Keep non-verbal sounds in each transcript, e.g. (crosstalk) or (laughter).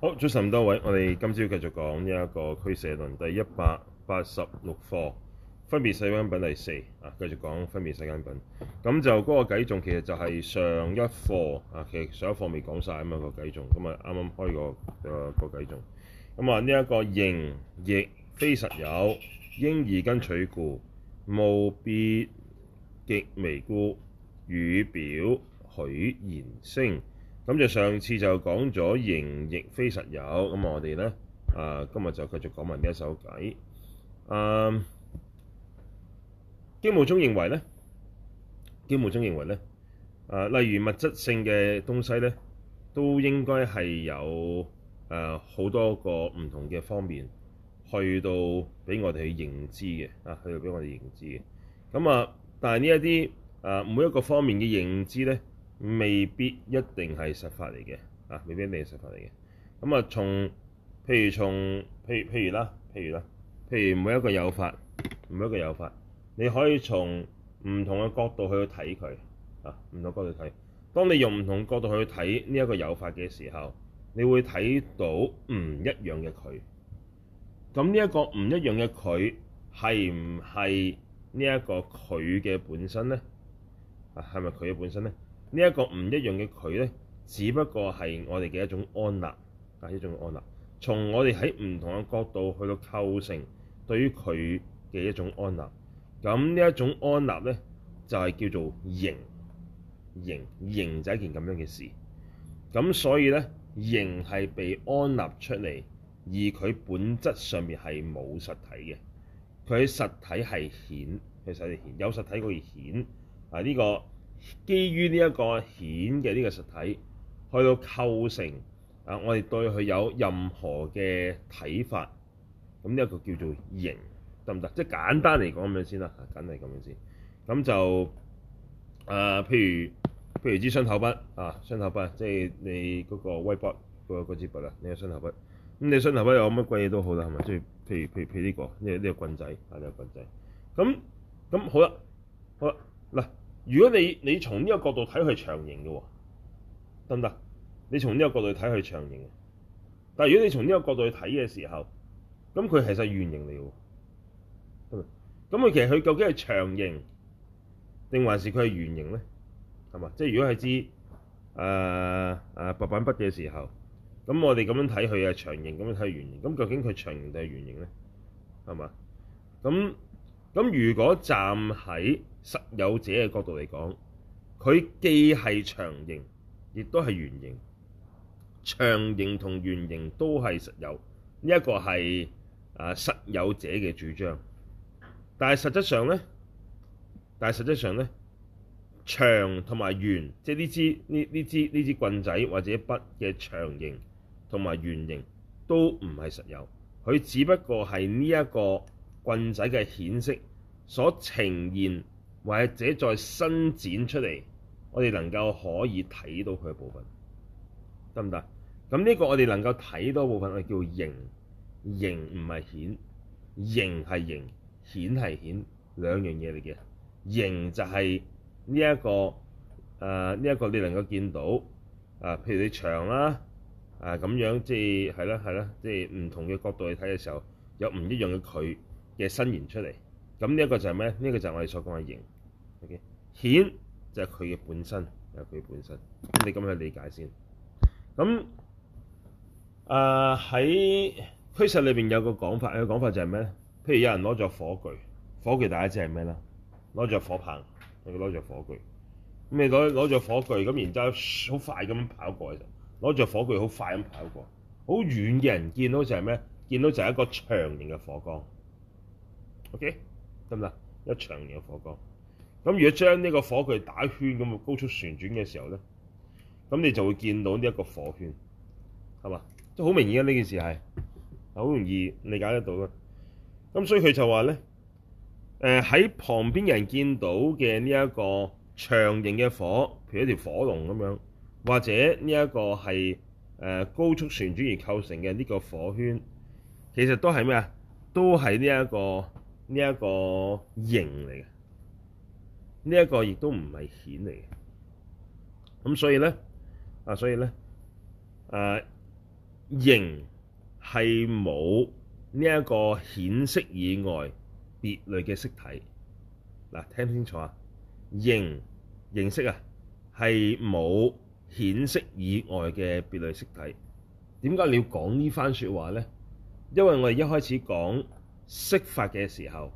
好，早晨多位，我哋今朝繼續講呢一個俱舍論第一百八十六課，分別世間品第四啊，繼續講分別世間品。咁就嗰個偈頌其實就係上一課啊，其實上一課未講晒咁樣，個偈頌。咁啊啱啱開、嗰個、嗰個計、啊呢個偈頌。咁啊呢一個形亦非實有，應二根取故，無別極微。故，語表許言聲。咁就上次就講咗形亦非實有，咁我哋咧啊今日就繼續講埋呢一首偈。啊、呃，經部宗認為咧，經部宗認為咧，啊、呃、例如物質性嘅東西咧，都應該係有啊好、呃、多個唔同嘅方面去到俾我哋去認知嘅，啊去到俾我哋認知嘅。咁啊，但係呢一啲啊每一個方面嘅認知咧。未必一定係實法嚟嘅，啊，未必一定係實法嚟嘅。咁、嗯、啊，從譬如從譬如譬如啦，譬如啦，譬如每一個有法，每一個有法，你可以從唔同嘅角度去睇佢，啊，唔同角度睇，啊。當你用唔同角度去睇呢一個有法嘅時候，你會睇到唔一樣嘅佢。咁呢一個唔一樣嘅佢，係唔係呢一個佢嘅本身咧？啊，係咪佢嘅本身咧？呢一個唔一樣嘅佢呢，只不過係我哋嘅一種安立，係一種安立。從我哋喺唔同嘅角度去到構成，對於佢嘅一種安立。咁呢一種安立呢，就係、是、叫做形，形形就係一件咁樣嘅事。咁所以呢，形係被安立出嚟，而佢本質上面係冇實體嘅。佢實體係顯，佢實體顯有實體佢而顯啊呢個。基於呢一個顯嘅呢個實體，去到構成啊，我哋對佢有任何嘅睇法，咁呢一個叫做形，得唔得？即係簡單嚟講咁樣先啦，簡單咁樣先。咁就誒，譬如譬如支箱頭筆啊，箱頭筆，即係你嗰個 whiteboard 嗰支筆啊，你嘅箱頭筆。咁你箱頭筆有乜鬼嘢都好啦，係咪？即係譬如譬如譬如呢個呢呢個棍仔，啊呢個棍仔。咁咁好啦，好啦嗱。如果你你從呢個角度睇佢係長形嘅喎，得唔得？你從呢個角度睇佢係長形嘅，但係如果你從呢個角度去睇嘅時候，咁佢其實係圓形嚟嘅，咁佢其實佢究竟係長形定還是佢係圓形咧？係嘛？即係如果係支誒誒白板筆嘅時候，咁我哋咁樣睇佢係長形，咁樣睇係圓形，咁究竟佢長形定係圓形咧？係嘛？咁咁如果站喺實有者嘅角度嚟講，佢既係長形，亦都係圓形。長形同圓形都係實有，呢一個係啊，實有者嘅主張。但係實質上咧，但係實質上咧，長同埋圓，即係呢支呢呢支呢支棍仔或者筆嘅長形同埋圓形都唔係實有，佢只不過係呢一個棍仔嘅顯色所呈現。或者再伸展出嚟，我哋能夠可以睇到佢一部分，得唔得？咁呢個我哋能夠睇到部分，我哋叫形，形唔係顯，形係形，顯係顯，兩樣嘢嚟嘅。形就係呢一個，誒呢一個你能夠見到，誒、呃、譬如你長啦、啊，誒、呃、咁樣即係係啦係啦，即係唔同嘅角度去睇嘅時候，有唔一樣嘅佢嘅伸延出嚟。咁呢一個就係咩？呢、呢個就係我哋所講嘅形。顯、okay. 就係佢嘅本身，就係佢本身。咁你咁樣去理解先。咁啊喺虛實裏邊有個講法，有個講法就係咩咧？譬如有人攞咗火炬，火炬大家知係咩啦？攞住火棒，佢攞住火炬。咁你攞攞住火炬，咁然之後好快咁跑過去，攞住火炬，好快咁跑過，好遠嘅人見到就係咩？見到就係一個長形嘅火光。OK，得唔得？一長形嘅火光。咁如果將呢個火炬打圈咁高速旋轉嘅時候咧，咁你就會見到呢一個火圈，係嘛？即係好明顯啊！呢件事係好容易理解得到嘅。咁所以佢就話咧，誒、呃、喺旁邊人見到嘅呢一個長形嘅火，譬如一條火龍咁樣，或者呢一個係誒高速旋轉而構成嘅呢個火圈，其實都係咩啊？都係呢一個呢一、呢個形嚟嘅。呢一個亦都唔係顯嚟嘅，咁所以咧啊，所以咧誒，形係冇呢一個顯色以外別類嘅色體嗱，啊，聽清楚啊，形，形色啊係冇顯色以外嘅別類色體。點解你要講呢番説話咧？因為我哋一開始講色法嘅時候，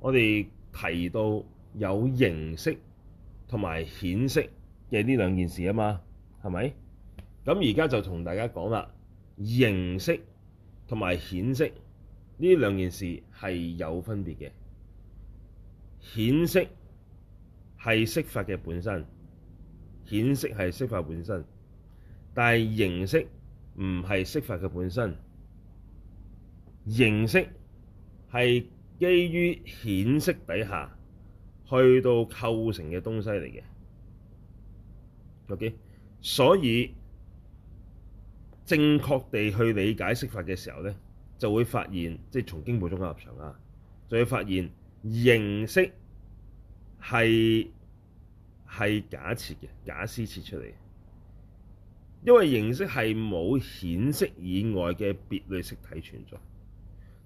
我哋提到。有形色同埋顯色嘅呢兩件事啊嘛，係咪？咁而家就同大家講啦，形色同埋顯色呢兩件事係有分別嘅。顯色係色法嘅本身，顯色係色法本身，但係形色唔係色法嘅本身，形色係基於顯色底下。去到構成嘅東西嚟嘅，OK，所以正確地去理解釋法嘅時候咧，就會發現，即係從經部中嘅立場啊，就會發現形色係係假設嘅，假設設出嚟，因為形色係冇顯色以外嘅別類色體存在，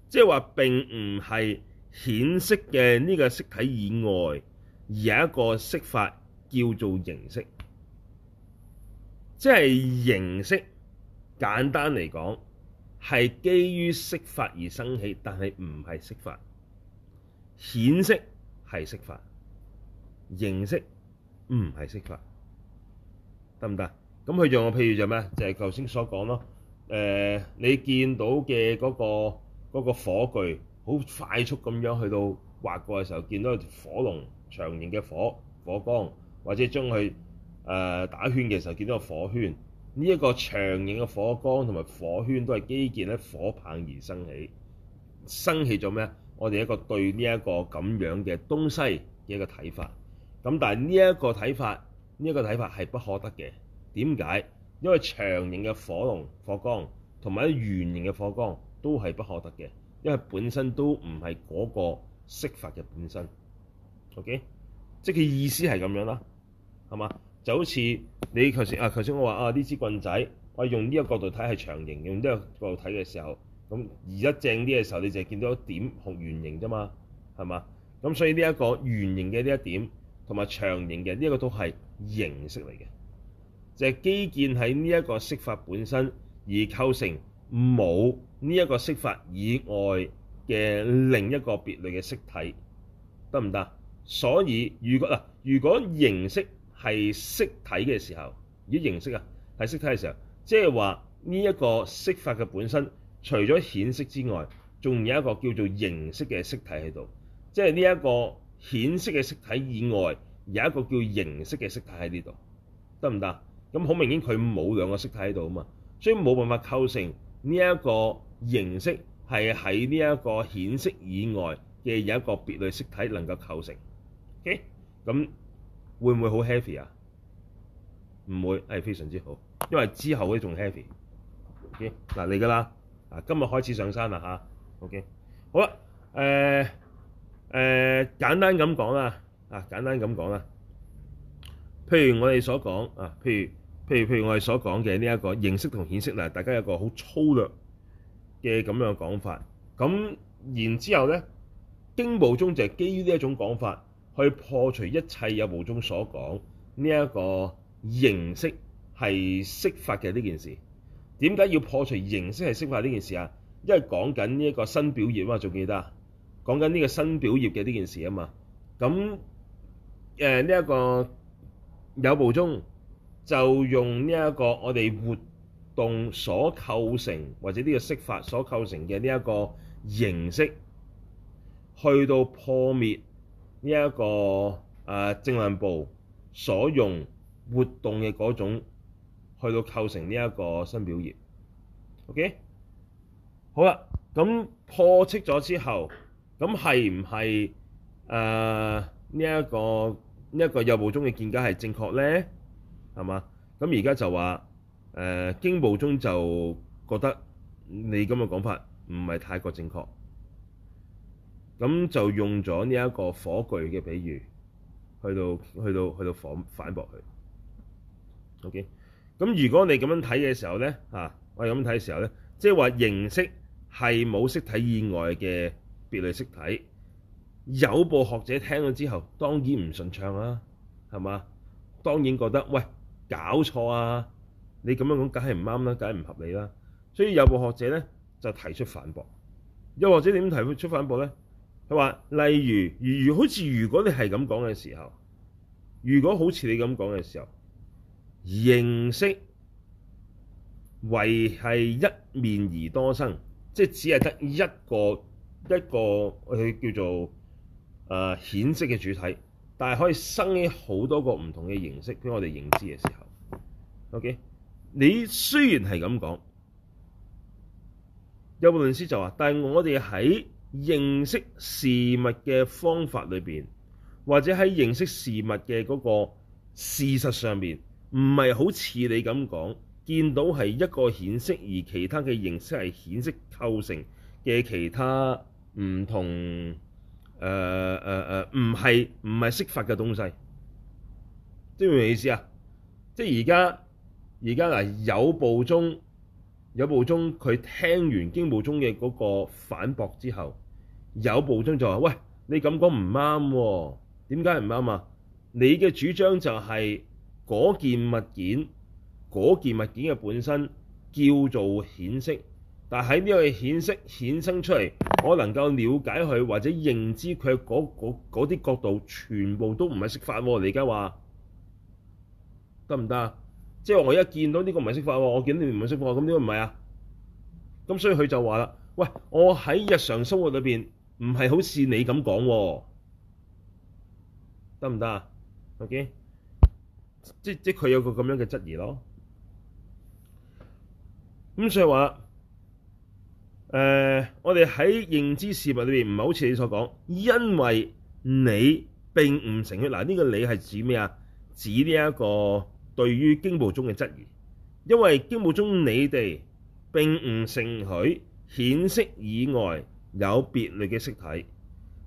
即係話並唔係。顯色嘅呢個色體以外，而有一個色法叫做形色，即係形色。簡單嚟講，係基於色法而生起，但係唔係色法。顯色係色法，形色唔係色法，得唔得？咁佢仲有譬如就咩？就係頭先所講咯。誒、呃，你見到嘅嗰個嗰個火炬。好快速咁樣去到劃過嘅時候，見到火龍長形嘅火火光，或者將佢誒打圈嘅時候，見到個火圈。呢、這、一個長形嘅火光同埋火圈都係基建喺火棒而生起，生起咗咩？我哋一個對呢、這個、一個咁樣嘅東西嘅一個睇法。咁但係呢一個睇法，呢、這、一個睇法係不可得嘅。點解？因為長形嘅火龍火光同埋圓形嘅火光都係不可得嘅。因為本身都唔係嗰個色法嘅本身，OK，即係佢意思係咁樣啦，係嘛？就好似你頭先啊，頭先我話啊，呢支棍仔我用呢個角度睇係長形，用呢個角度睇嘅時候，咁而家正啲嘅時候，你就係見到一點圓形啫嘛，係嘛？咁所以呢一個圓形嘅呢一點同埋長形嘅呢一個都係形式嚟嘅，就係基建喺呢一個色法本身而構成。冇呢一個色法以外嘅另一個別類嘅色體，得唔得？所以如果啊，如果形色係色體嘅時候，而形色啊係色體嘅時候，即係話呢一個色法嘅本身，除咗顯色之外，仲有一個叫做形色嘅色體喺度，即係呢一個顯色嘅色體以外，有一個叫形色嘅色體喺呢度，得唔得？咁好明顯佢冇兩個色體喺度啊嘛，所以冇辦法構成。呢一個形色係喺呢一個顯色以外嘅有一個別類色體能夠構成，OK，咁會唔會好 heavy 啊？唔會，係非常之好，因為之後會仲 heavy。OK，嗱嚟㗎啦，嗱今日開始上山啦嚇，OK，好啦，誒誒簡單咁講啊，啊簡單咁講啊，譬如我哋所講啊，譬如。譬如譬如我哋所講嘅呢一個形色同顯色嗱，大家有個好粗略嘅咁樣講法，咁然之後咧經部宗就係基於呢一種講法，去破除一切有部宗所講呢一個形色係實法嘅呢件事。點解要破除形色係實法呢件事啊？因為講緊呢一個身表業啊嘛，仲記得講緊呢個身表業嘅呢件事啊嘛。咁誒呢一個有部宗，就用呢一個我哋活動所構成，或者呢個釋法所構成嘅呢一個形式，去到破滅呢、這、一個誒、呃、正量部所用活動嘅嗰種，去到構成呢一個身表業。OK，好啦，咁破斥咗之後，咁係唔係誒呢一個呢一、這個有部中嘅見解係正確咧？係嘛？咁而家就話誒經部宗就覺得你咁嘅講法唔係太過正確，咁就用咗呢一個火炬嘅比喻去到去到去到，去到反反駁佢。OK，咁如果你咁樣睇嘅時候咧，啊，我咁睇嘅時候咧，即係話形色係冇色體以外嘅別類色體，有部學者聽咗之後當然唔順暢啊，係嘛？當然覺得喂。搞錯啊！你咁樣講梗係唔啱啦，梗係唔合理啦。所以有部學者咧就提出反駁，又或者點提出反駁咧？佢話：例如，如，如好似如果你係咁講嘅時候，如果好似你咁講嘅時候，認識為係一面而多生，即係只係得一個一個佢叫做誒顯色嘅主體。但係可以生起好多個唔同嘅形式俾我哋認知嘅時候，OK？你雖然係咁講，有部論師就話，但係我哋喺認識事物嘅方法裏邊，或者喺認識事物嘅嗰個事實上面，唔係好似你咁講，見到係一個顯色，而其他嘅形式係顯色構成嘅其他唔同。誒誒誒，唔係唔係識法嘅東西，知唔明意思啊？即係而家而家嗱，有部宗有部宗，佢聽完經部宗嘅嗰個反駁之後，有部宗就話，喂，你咁講唔啱喎？點解唔啱啊？你嘅主張就係嗰件物件，嗰件物件嘅本身叫做顯色，但喺呢個顯色衍生出嚟。我能夠了解佢或者認知佢嗰啲角度，全部都唔係色法喎，啊！你而家話得唔得？即係我一見到呢個唔係色法喎，啊，我見到啲唔係色法，咁點解唔係啊？咁、啊、所以佢就話啦，喂，我喺日常生活裏邊唔係好似你咁講，啊，得唔得啊？OK，即即佢有個咁樣嘅質疑咯。咁所以話。誒，uh, 我哋喺認知事物裏邊唔係好似你所講，因為你並唔承許。嗱，呢個你係指咩啊？指呢一個對於經部宗嘅質疑，因為經部宗你哋並唔承許顯色以外有別類嘅色體，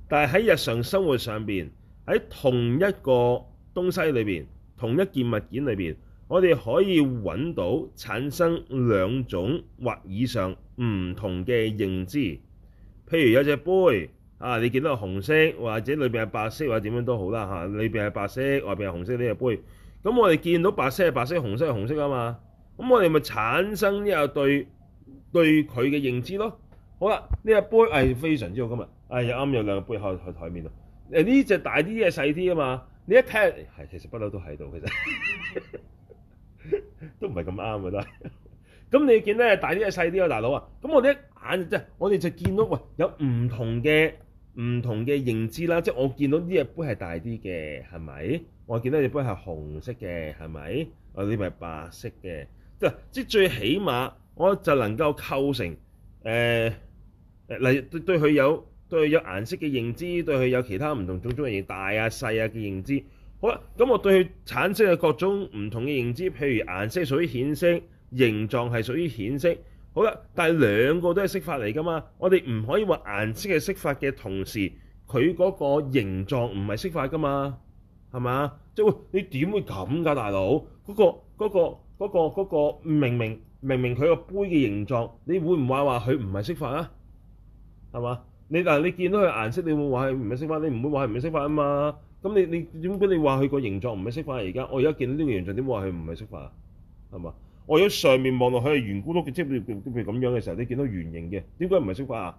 但係喺日常生活上邊，喺同一個東西裏邊，同一件物件裏邊，我哋可以揾到產生兩種或以上。唔同嘅認知，譬如有隻杯啊，你見到係紅色或者裏邊係白色或者點樣都好啦嚇，裏邊係白色，外邊係紅色呢、呢個杯，咁我哋見到白色係白色，紅色係紅色啊嘛，咁我哋咪產生呢個對對佢嘅認知咯。好啦，呢、呢個杯係、哎、非常之好㗎嘛。哎又啱有兩個杯喺台面度，誒呢隻大啲嘅細啲啊嘛，你一睇係、哎、其實 (laughs) 不嬲都喺度其實，都唔係咁啱啊都咁你見到大啲定細啲啊，大佬啊！咁我哋眼即係我哋就見到，喂有唔同嘅唔同嘅認知啦。即係我見到呢隻杯係大啲嘅，係咪？我見到呢隻杯係紅色嘅，係咪？我呢杯係白色嘅，即係即係最起碼我就能夠構成誒誒，嚟、呃、對對佢有對佢有顏色嘅認知，對佢有其他唔同種種嘅認大啊細啊嘅認知。好啦，咁我對佢產生嘅各種唔同嘅認知，譬如顏色屬於顯色。形狀係屬於顯色，好啦，但係兩個都係色法嚟噶嘛。我哋唔可以話顏色係色法嘅同時，佢嗰個形狀唔係色法噶嘛，係嘛？即係喂，你點會咁㗎啊，大佬？嗰個嗰個嗰個嗰個明明明佢個杯嘅形狀，你會唔話話佢唔係色法啊？係嘛？你嗱，你見到佢顏色，你會話佢唔係色法？你唔會話佢唔係色法啊嘛？咁你你點解你話佢個形狀唔係色法啊？而家我而家見到呢個形狀，點話佢唔係色法啊？係嘛？我如果上面望落去係圓咕碌，即係譬如咁樣嘅時候，你見到圓形嘅，點解唔係色法啊？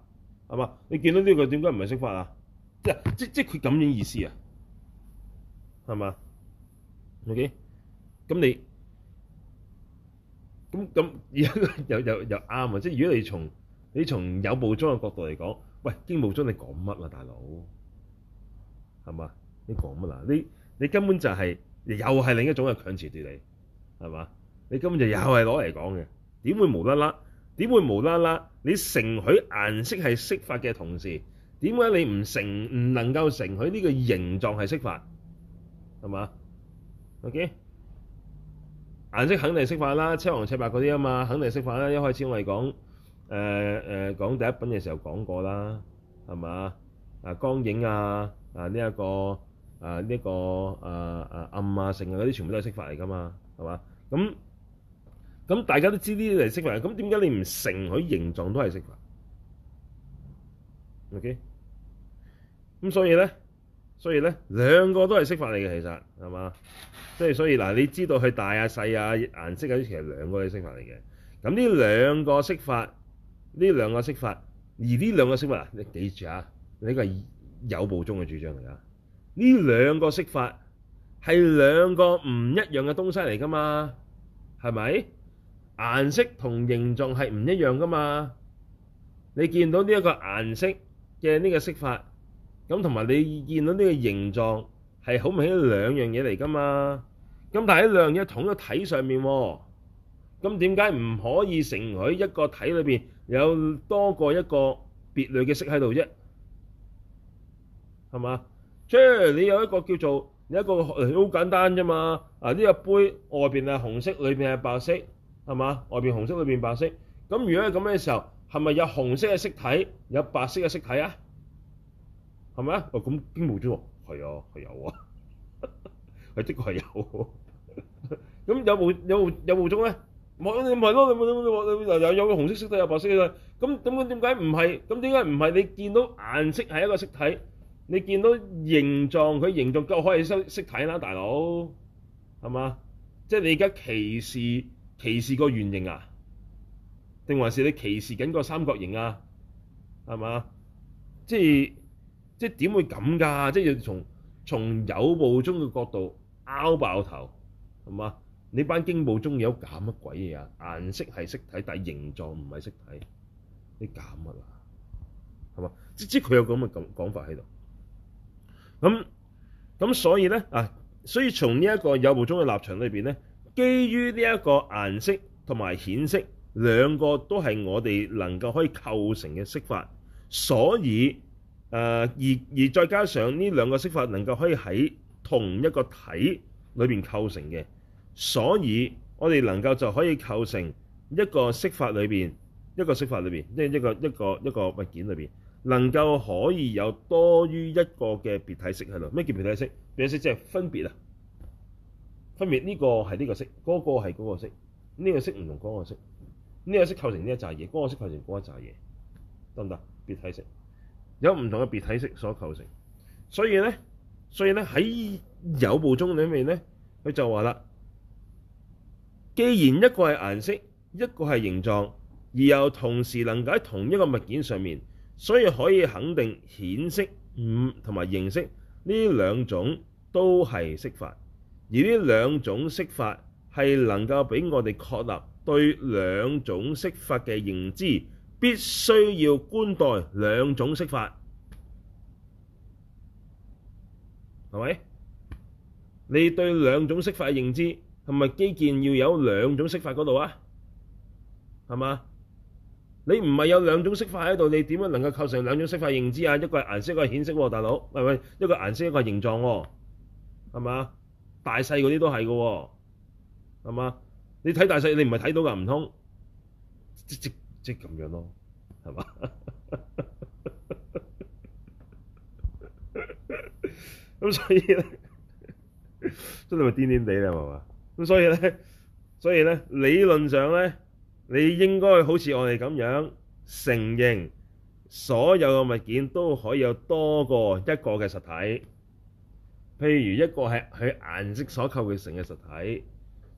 係嘛？你見到呢、這個點解唔係色法啊？即係即即佢咁樣意思啊？係嘛？OK，咁你咁咁而家又又又啱啊！即係如果你從你從有部宗嘅角度嚟講，喂經部宗你講乜啊，大佬係嘛？你講乜嗱？你你根本就係、是、又係另一種嘅強詞奪理係嘛？你今日又係攞嚟講嘅，點會無啦啦？點會無啦啦？你承許顏色係色法嘅同時，點解你唔承唔能夠承許呢個形狀係色法？係嘛？OK，顏色肯定色法啦，青黃赤白嗰啲啊嘛，肯定色法啦。一開始我哋講誒誒、呃呃、講第一品嘅時候講過啦，係嘛？啊光影啊啊呢一、這個啊呢個啊啊暗啊成啊嗰啲全部都係色法嚟㗎嘛，係嘛？咁、嗯咁大家都知呢啲係色法，咁點解你唔承佢形狀都係色法？OK，咁所以咧，所以咧兩個都係色法嚟嘅，其實係嘛？即係所以嗱，你知道佢大啊細啊顏色啊，其實兩個都係色法嚟嘅。咁呢兩個色法，呢兩個色法，而呢兩個色法，你記住啊，呢、呢個係有部宗嘅主張嚟啊。呢兩個色法係兩個唔一樣嘅東西嚟㗎嘛？係咪？顏色同形狀係唔一樣噶嘛？你見到呢一個顏色嘅呢個色法咁，同埋你見到呢個形狀係好明顯兩樣嘢嚟噶嘛？咁但係呢兩樣嘢統一體上面，咁點解唔可以承許一個體裏邊有多過一個別類嘅色喺度啫？係嘛？即係你有一個叫做有一個好簡單啫嘛？啊呢個杯外邊係紅色，裏邊係白色。係嘛一般？外邊紅色，裏邊白色。咁如果係咁嘅時候，係咪有紅色嘅色體，有白色嘅色體啊？係咪啊？哦，咁邊無咗？係、嗯、啊，係有啊，係一般的確係一般有，有。咁有冇有冇有冇中咧？冇你唔係咯，你冇你冇有有個紅色色體，有白色嘅體。咁咁咁點解唔係？咁點解唔係？你見到顏色係一個色體，你見到形狀佢形狀夠可以收色體啦，大佬係嘛？即係你而家歧視。歧視個圓形啊，定還是你歧視緊個三角形啊？係嘛？即係即係點會咁㗎？即係要從從有部宗嘅角度拗爆頭係嘛？你班經部宗有搞乜鬼嘢啊？顏色係實體，但係形狀唔係實體，你搞乜啊？係嘛？即係佢有咁嘅講講法喺度。咁咁所以咧啊，所以從呢一個有部宗嘅立場裏邊咧。基於呢一個顏色同埋顯色兩個都係我哋能夠可以構成嘅色法，所以誒、呃、而而再加上呢兩個色法能夠可以喺同一個體裏邊構成嘅，所以我哋能夠就可以構成一個色法裏邊一個色法裏邊即係一一個一個一個物件裏邊能夠可以有多於一個嘅別體色喺度。咩叫別體色？別體色即係分別啊！分別呢個係呢個色，嗰、那個係嗰個色，呢、這個色唔同嗰個色，呢、這個色構成呢一紮嘢，嗰、那個色構成嗰一紮嘢，得唔得？別體色有唔同嘅別體色所構成，所以咧，所以咧喺有部宗裏面咧，佢就話啦，既然一個係顏色，一個係形狀，而又同時能夠喺同一個物件上面，所以可以肯定顯色五同埋形色呢兩種都係色法。而呢兩種色法係能夠畀我哋確立對兩種色法嘅認知，必須要觀待兩種色法，係咪？你對兩種色法嘅認知係咪基建要有兩種色法嗰度啊？係嘛？你唔係有兩種色法喺度，你點樣能夠構成兩種色法認知啊？一個係顏色，一個係顯色喎，大佬係咪？一個顏色，一個係形狀喎，係咪？大細嗰啲都係嘅，係嘛？你睇大細，你唔係睇到噶，唔通即即即咁樣咯，係嘛？咁所以咧真係咪癲癲地咧？係嘛？咁所以咧，所以咧，理論上咧，你應該好似我哋咁樣承認，所有嘅物件都可以有多過一個嘅實體。譬如一個係佢顏色所構成嘅實體，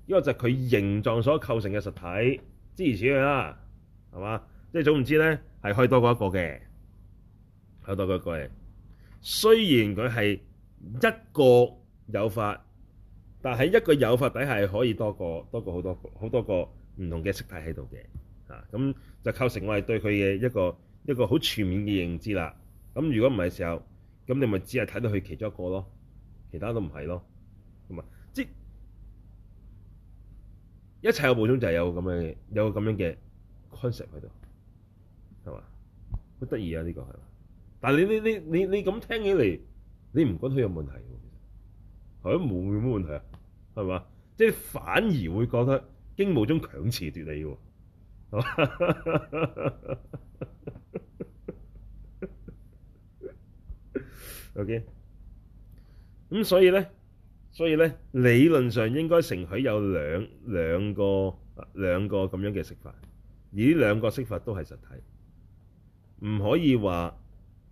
一個就係佢形狀所構成嘅實體，諸如此類啦，係嘛？即係總唔知咧，係可以多過一個嘅，可以多過一個嘅。雖然佢係一個有法，但喺一個有法底下，係可以多個多，多，多個好多個好多個唔同嘅色體喺度嘅嚇。咁、啊、就構成我哋對佢嘅一個一個好全面嘅認知啦。咁如果唔係時候，咁你咪只係睇到佢其中一個咯。其他都唔係咯，同埋即一切嘅部宗就係有咁樣嘅有咁樣嘅 concept 喺度，係嘛？好得意啊呢個係，但係你你你你你咁聽起嚟，你唔覺得佢有問題嘅？其實係咪冇冇問題啊？係嘛，即係反而會覺得經部宗強詞奪理喎，係嘛 (laughs) ？OK。咁所以咧，所以咧，理論上應該承許有兩兩個兩個咁樣嘅色法，而呢兩個色法都係實體，唔可以話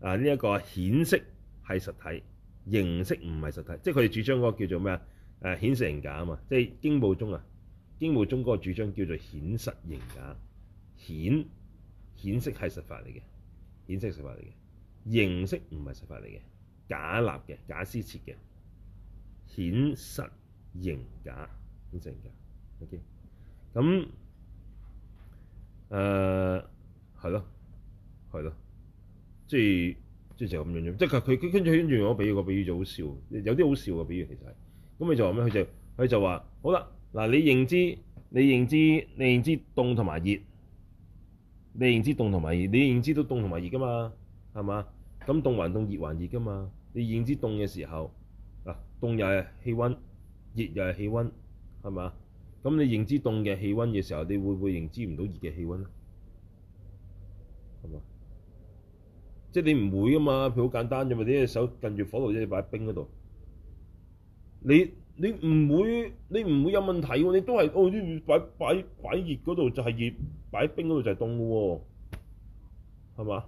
啊呢一、這個顯色係實體，形色唔係實體，即係佢哋主張嗰個叫做咩啊？誒顯實形假啊嘛，即係經部宗啊，經部宗嗰個主張叫做顯實形假，顯顯色係實法嚟嘅，顯色實法嚟嘅，形色唔係實法嚟嘅。假立嘅，假施設嘅，顯實形假，顯實形假。O K，咁誒係咯，係咯，即係即係就咁樣啫。即係佢佢跟住跟住我俾個比喻就好笑，有啲好笑嘅比喻其實係。咁佢就話咩？佢就佢就話好啦，嗱，你認知你認知你認知凍同埋熱，你認知凍同埋熱，你認知到凍同埋熱㗎嘛，係嘛？咁凍還凍，熱還熱㗎嘛？你認知凍嘅時候，嗱、啊，凍又係氣温，熱又係氣温，係嘛？咁你認知凍嘅氣温嘅時候，你會唔會認知唔到熱嘅氣温咧？係嘛？即係你唔會㗎嘛？佢好簡單啫嘛！你隻手近住火爐，一隻擺冰嗰度，你你唔會，你唔會有問題㗎？你都係哦，擺擺擺熱嗰度就係熱，擺冰嗰度就係凍㗎喎，係嘛？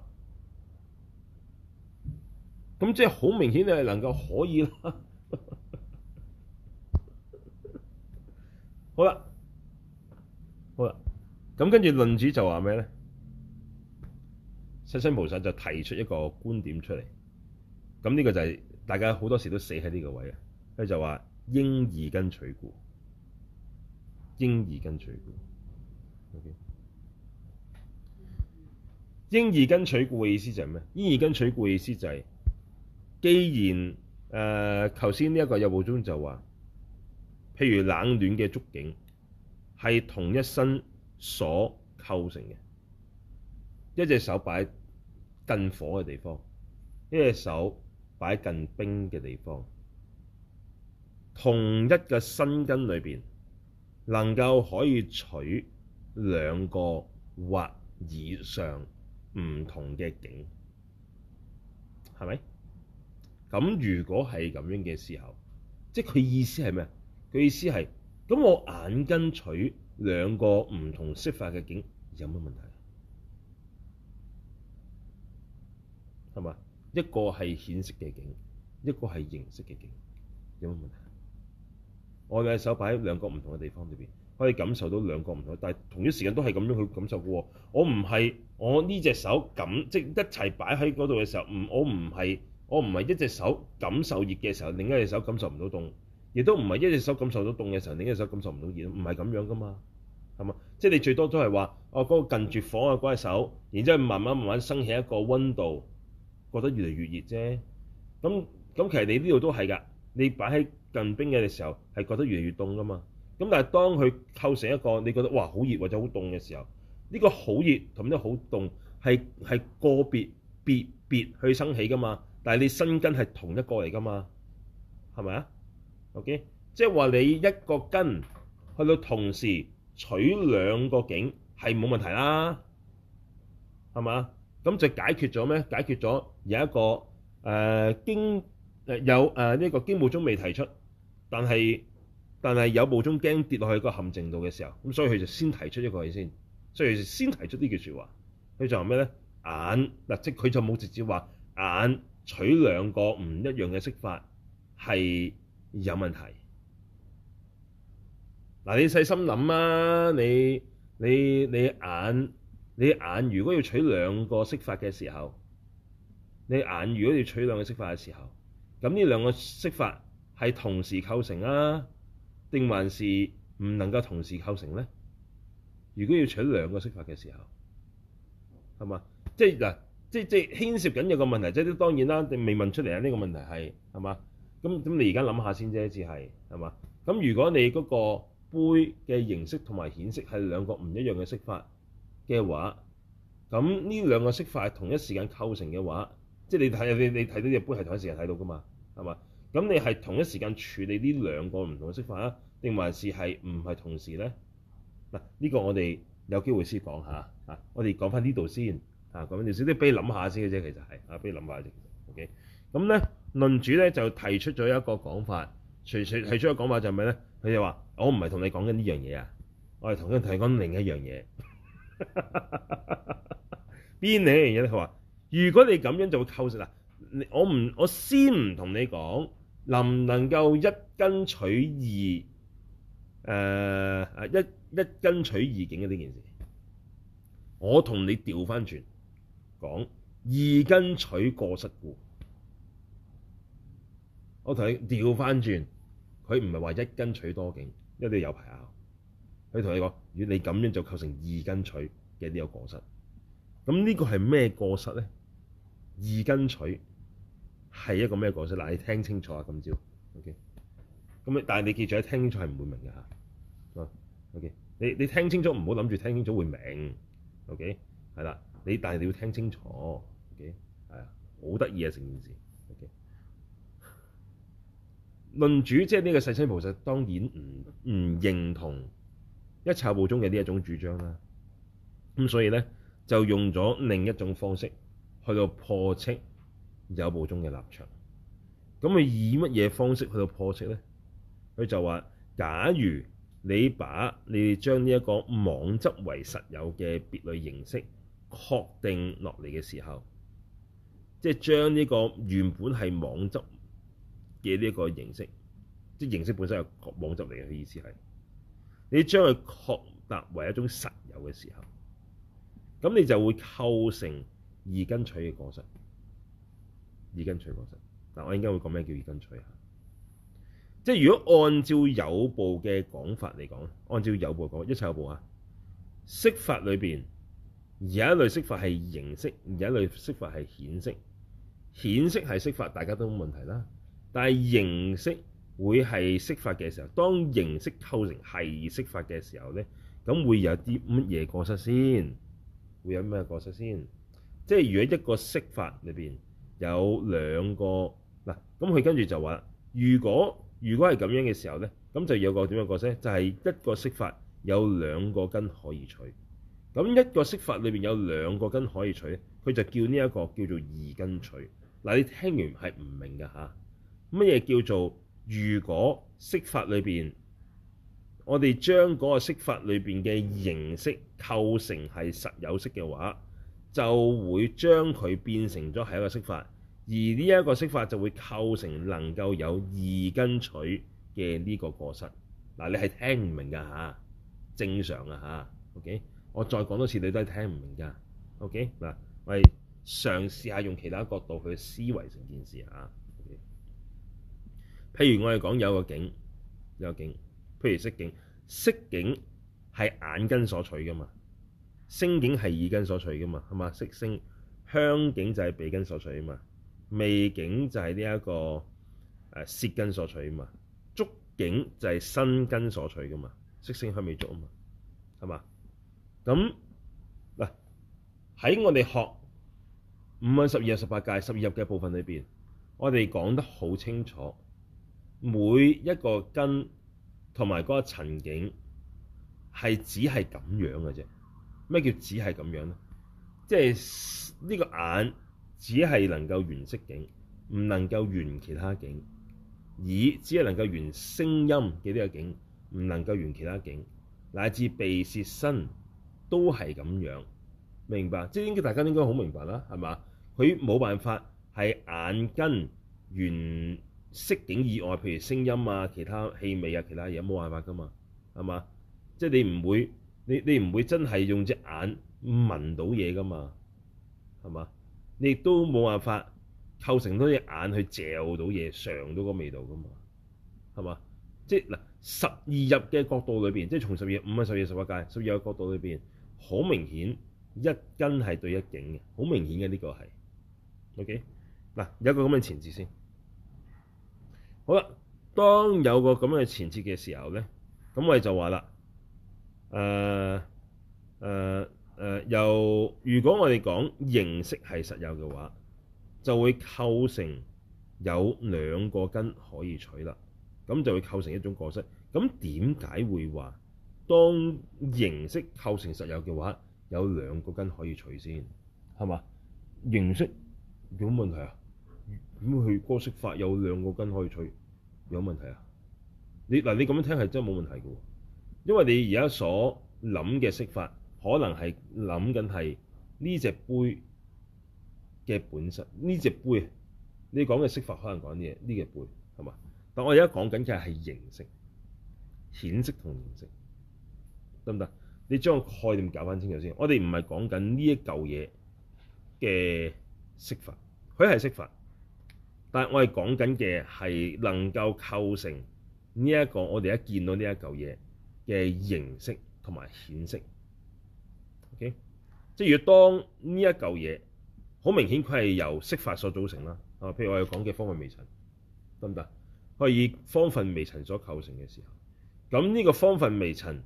咁即係好明顯你係能夠可以啦， (laughs) 好啦，好啦，咁跟住論主就話咩咧？世親菩薩就提出一個觀點出嚟，咁呢個就係、是、大家好多時都死喺呢個位啊。佢就話應二根取故，應二根取故，Okay？應二根取故嘅意思就係咩？應二根取故嘅意思就係、是。既然誒，頭先呢一個入報中就話，譬如冷暖嘅觸境係同一身所構成嘅，一隻手擺近火嘅地方，一隻手擺近冰嘅地方，同一個身根裏邊能夠可以取兩個或以上唔同嘅境，係咪？咁如果係咁樣嘅時候，即係佢意思係咩？佢意思係咁，我眼根取兩個唔同色法嘅景有乜問題啊？係嘛，一個係顯色嘅景，一個係形色嘅景，有乜問題？我嘅手擺喺兩個唔同嘅地方裏邊，可以感受到兩個唔同，但係同一時間都係咁樣去感受嘅喎。我唔係我呢隻手咁，即一齊擺喺嗰度嘅時候，唔我唔係。我唔係一隻手感受熱嘅時候，另一隻手感受唔到凍，亦都唔係一隻手感受到凍嘅時候，另一隻手感受唔到熱，唔係咁樣噶嘛，係嘛？即係你最多都係話，哦嗰、那個近住火呀嗰隻手，然之後慢慢慢慢升起一個溫度，覺得越嚟越熱啫。咁咁其實你呢度都係㗎，你擺喺近冰嘅時候係覺得越嚟越凍噶嘛。咁但係當佢構成一個你覺得哇好熱或者好凍嘅時候，呢、這個好熱同呢個好凍係係個別別別去升起㗎嘛。但係你身根係同一個嚟㗎嘛？係咪啊？OK，即係話你一個根去到同時取兩個境係冇問題啦，係咪啊？咁就解決咗咩？解決咗有一個誒經誒有誒呢個經部中未提出，但係但係有部中驚跌落去個陷阱度嘅時候，咁所以佢就先提出一個先，所以先提出呢句説話。佢就話咩咧？眼嗱，即佢就冇直接話眼取兩個唔一樣嘅色法係有問題。嗱，你細心諗啊，你你你眼你眼如果要取兩個色法嘅時候，你眼如果要取兩個色法嘅時候，咁呢兩個色法係同時構成啊，定還是唔能夠同時構成呢？如果要取兩個色法嘅時候，係嘛？即係嗱。即即牽涉緊有個問題，即都當然啦，你未問出嚟啊！呢個問題係係嘛？咁咁，你而家諗下先啫，先係係嘛？咁如果你嗰個杯嘅形色同埋顯色係兩個唔一樣嘅色法嘅話，咁呢兩個色法同一時間構成嘅話，即你睇你你睇到隻杯係同一時間睇到噶嘛？係嘛？咁你係同一時間處理呢兩個唔同嘅色法啊？定還是係唔係同時咧？嗱，呢個，我哋有機會先講下，啊！我哋講翻呢度先。啊咁樣少啲俾你諗下先嘅啫，其實係啊，俾你諗下先。O K，咁咧論主咧就提出咗一個講法，隨隨提出一個講法就係咩咧？佢就話：我唔係同你講緊呢樣嘢啊，我係同你同你講另一樣嘢。邊 (laughs) 另一樣嘢咧？佢話：如果你咁樣就會構成啊！我唔我先唔同你講，能唔能夠一根取二？誒、呃、誒，一一根取二境嘅呢件事，我同你調翻轉。講二根取過失故，我同你調翻轉，佢唔係話一根取多境，因為都有排拗。佢同你講，如果你咁樣就構成二根取嘅呢個過失。咁呢個係咩過失咧？二根取係一個咩過失？嗱，你聽清楚啊！今朝，OK。咁但係你記住，聽清楚係唔會明嘅嚇。啊，OK 你。你你聽清楚，唔好諗住聽清楚會明。OK。係啦，你但係你要聽清楚，OK，係啊，好得意啊成件事。OK，論主即係呢個世親菩薩當然唔唔認同一切有部宗嘅呢一種主張啦。咁所以咧就用咗另一種方式去到破斥有部宗嘅立場。咁佢以乜嘢方式去到破斥咧？佢就話：假如你把你哋將呢一個妄執為實有嘅別類形色確定落嚟嘅時候，即係將呢個原本係妄執嘅呢一個形色，即係形色本身係妄執嚟嘅意思係，你將佢確立為一種實有嘅時候，咁你就會構成二根取嘅過失。二根取過失，嗱我應該會講咩叫二根取啊？即係如果按照有部嘅講法嚟講，按照有部講法，一切有部啊，色法裏邊，有一類色法係形色，有一類色法係顯色。顯色係色法，大家都冇問題啦。但係形色會係色法嘅時候，當形色構成係色法嘅時候呢咁會有啲乜嘢過失先？會有咩過失先？即係如果一個色法裏邊有兩個嗱，咁佢跟住就話：如果如果係咁樣嘅時候呢，咁就有個點樣過失呢？就係、是、一個色法有兩個根可以取。咁一個色法裏邊有兩個根可以取，佢就叫呢一個叫做二根取。嗱，你聽完係唔明㗎吓，乜嘢叫做？如果色法裏邊，我哋將嗰個色法裏邊嘅形色構成係實有色嘅話，就會將佢變成咗係一個色法，而呢一個色法就會構成能夠有二根取嘅呢個過失。嗱，你係聽唔明㗎吓，正常啊嚇，OK。我再講多次，你都係聽唔明噶。OK 嗱，我哋嘗試下用其他角度去思維成件事吓，okay? 譬如我哋講有個境，有個境，譬如色境，色境係眼根所取噶嘛，聲境係耳根所取噶嘛，係嘛？色聲香境就係鼻根所取啊嘛，味境就係呢一個誒舌、呃、根所取啊嘛，觸境就係身根所取噶嘛，色聲香味觸啊嘛，係嘛？咁嗱，喺我哋學五蘊十,十,十二入十八界十二入嘅部分裏邊，我哋講得好清楚，每一個根同埋嗰個塵境係只係咁樣嘅啫。咩叫只係咁樣咧？即係呢個眼只係能夠緣色境，唔能夠緣其他境；耳只係能夠緣聲音嘅呢個境，唔能夠緣其他境，乃至鼻舌身。都係咁樣，明白？即係應該大家應該好明白啦，係嘛？佢冇辦法係眼根緣色境以外，譬如聲音啊、其他氣味啊、其他嘢冇辦法噶嘛，係嘛？即係你唔會，你你唔會真係用隻眼聞到嘢噶嘛，係嘛？你亦都冇辦法構成到隻眼去嚼到嘢、嘗到個味道噶嘛，係嘛？即係嗱，十二入嘅角度裏邊，即係從十二五啊，十二十八界，十二個角度裏邊。好明顯，一根係對一境嘅，好明顯嘅呢、這個係，OK 嗱，有個咁嘅前置先。好啦，當有個咁嘅前置嘅時候咧，咁我哋就話啦，誒誒誒，由、呃呃呃、如果我哋講形色係實有嘅話，就會構成有兩個根可以取啦，咁就會構成一種過失。咁點解會話？當形色構成實有嘅話，有兩個根可以取先，係嘛？形色有冇問題啊？點、嗯、去個色法有兩個根可以取有問題啊？你嗱你咁樣聽係真係冇問題嘅，因為你而家所諗嘅色法可能係諗緊係呢隻杯嘅本身。呢隻杯你講嘅色法可能講啲嘢呢個杯係嘛？但我而家講緊嘅係形色、顯色同形色。得唔得？你將個概念搞翻清楚先。我哋唔係講緊呢一嚿嘢嘅色法，佢係色法，但係我係講緊嘅係能夠構成呢、這個、一個我哋一見到呢一嚿嘢嘅形式同埋顯色。OK，即係如果當呢一嚿嘢好明顯，佢係由色法所組成啦。啊，譬如我哋講嘅方份微塵，得唔得？可以方份微塵所構成嘅時候，咁呢個方份微塵。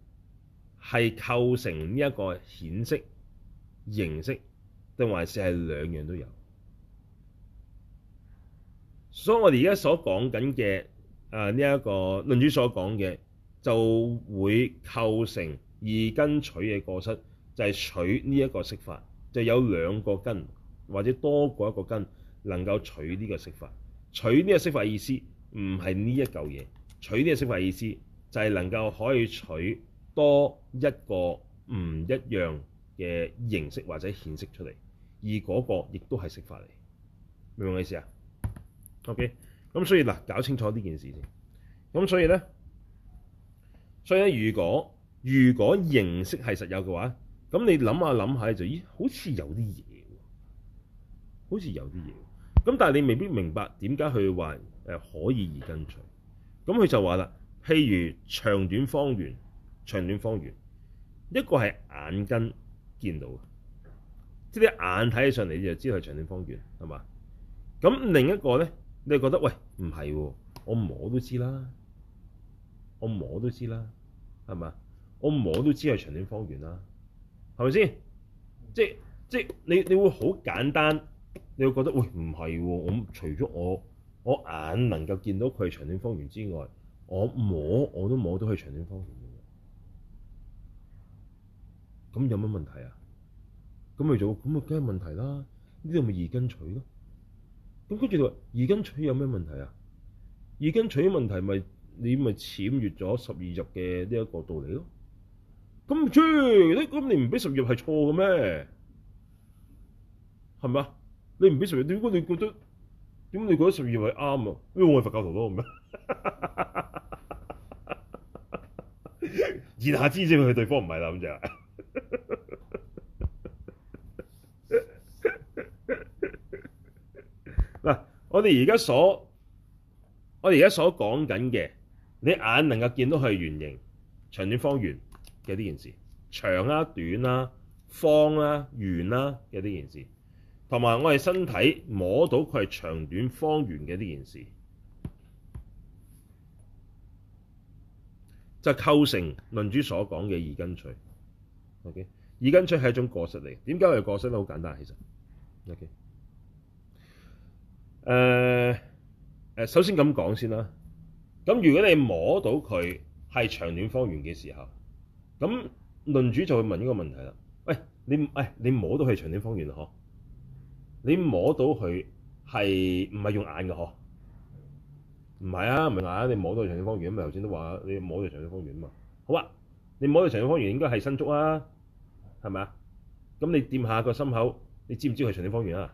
係構成呢一個顯色、形色，定還是係兩樣都有。所以我哋而家所講緊嘅，誒呢一個論主所講嘅，就會構成二根取嘅過失，就係、是、取呢一個色法，就有兩個根或者多過一個根能夠取呢個色法。取呢個色法意思唔係呢一嚿嘢，取呢個色法意思就係能夠可以取。多一個唔一樣嘅形色或者顯色出嚟，而嗰個亦都係色法嚟，明唔明我意思啊？OK，咁所以嗱，搞清楚呢件事先。咁所以咧，所以咧，如果如果形色係實有嘅話，咁你諗下諗下就咦，好似有啲嘢，好似有啲嘢。咁但係你未必明白點解佢話誒可以而跟隨。咁佢就話啦，譬如長短、方圓。長短方圓，一個係眼根見到，即係你眼睇起上嚟就知道係長短方圓，係嘛？咁另一個咧，你覺得喂唔係？我摸都知啦，我摸都知啦，係嘛？我摸都知係長短方圓啦，係咪先？即係即係你你會好簡單，你會覺得喂唔係？我除咗我我眼能夠見到佢係長短方圓之外，我摸我都摸到佢係長短方圓。咁、嗯、有乜問題啊？咁咪就咁咪梗係問題啦！呢度咪二根取咯、啊。咁跟住就話二根取有咩問題啊？二根取啲問題咪、就是、你咪僭越咗十二入嘅呢一個道理咯。咁即係你咁你唔俾十二係錯嘅咩？係咪啊？嗯、你唔俾十二，點解你覺得點解你覺得十二係啱啊？呢、哎、個我係佛教徒咁嘅。言下 (laughs) 之意，佢對方唔係啦咁就。我哋而家所，我哋而家所講緊嘅，你眼能夠見到佢圓形、長短、方圓嘅呢件事，長啊、短啦、啊、方啦、啊、圓啦嘅呢件事，同埋我哋身體摸到佢係長短、方圓嘅呢件事，就是、構成論主所講嘅二根除二根取。O.K. 二根取係一種過失嚟嘅，點解係過失咧？好簡單，其實。O.K. 誒誒、呃，首先咁講先啦。咁如果你摸到佢係長短方圓嘅時候，咁論主就會問呢個問題啦。喂，你喂你摸到佢長短方圓啊？嗬、哎，你摸到佢係唔係用眼嘅？嗬，唔係啊，唔係眼，你摸到長短方圓咁啊？頭先都話你摸到長短方圓啊嘛。好啊，你摸到長短方圓應該係身觸啊，係咪啊？咁你掂下個心口，你知唔知佢長短方圓啊？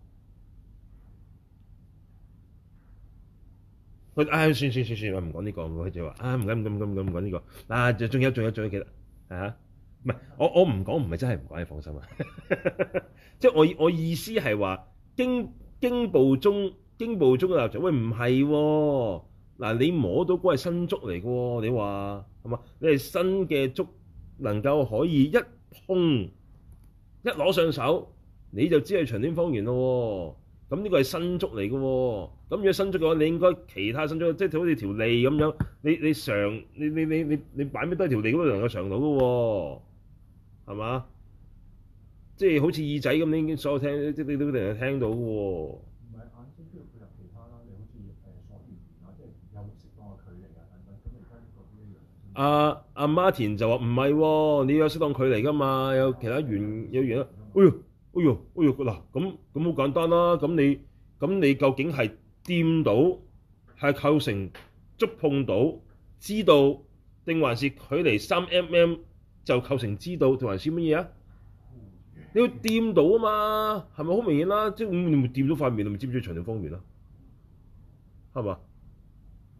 唉、啊，算算算算，我唔講呢個。佢就話：啊，唔緊唔緊唔唔緊講呢個。嗱，就仲有仲有仲有，其實嚇，唔係、啊、我我唔講，唔係真係唔講，你放心啊。 (laughs) 即係我我意思係話，經經部中經部中嘅立場，喂，唔係，嗱，你摸到嗰係新竹嚟嘅、哦，你話係嘛？你係新嘅竹，能夠可以一碰一攞上手，你就知係長短方圓咯、哦。咁呢個係身觸嚟嘅喎，咁如果身觸嘅話，你應該其他身觸，即係好似條脷咁樣，你你嘗，你你你你你，你擺咩都係條脷嗰度能夠嘗到嘅喎、哦，係嘛？即、就、係、是、好似耳仔咁，已經所有聽，即你都一人能聽到嘅喎、哦。唔係眼睛配合其他啦，你好似誒鎖有適當嘅距離，距離，距離、嗯、啊、等、啊、等，咁而家呢個阿阿 Martin 就話唔係喎，你要有適當距離㗎嘛，有其他圓有嘢、嗯，哎哎呦，哎呦，嗱，咁咁好簡單啦，咁你咁你究竟係掂到，係構成觸碰到知道，定還是距離三 mm 就構成知道，定還是乜嘢啊？你要掂到啊嘛，係咪好明顯啦？即係你唔掂到塊面，你咪知唔知長條方面啦，係嘛？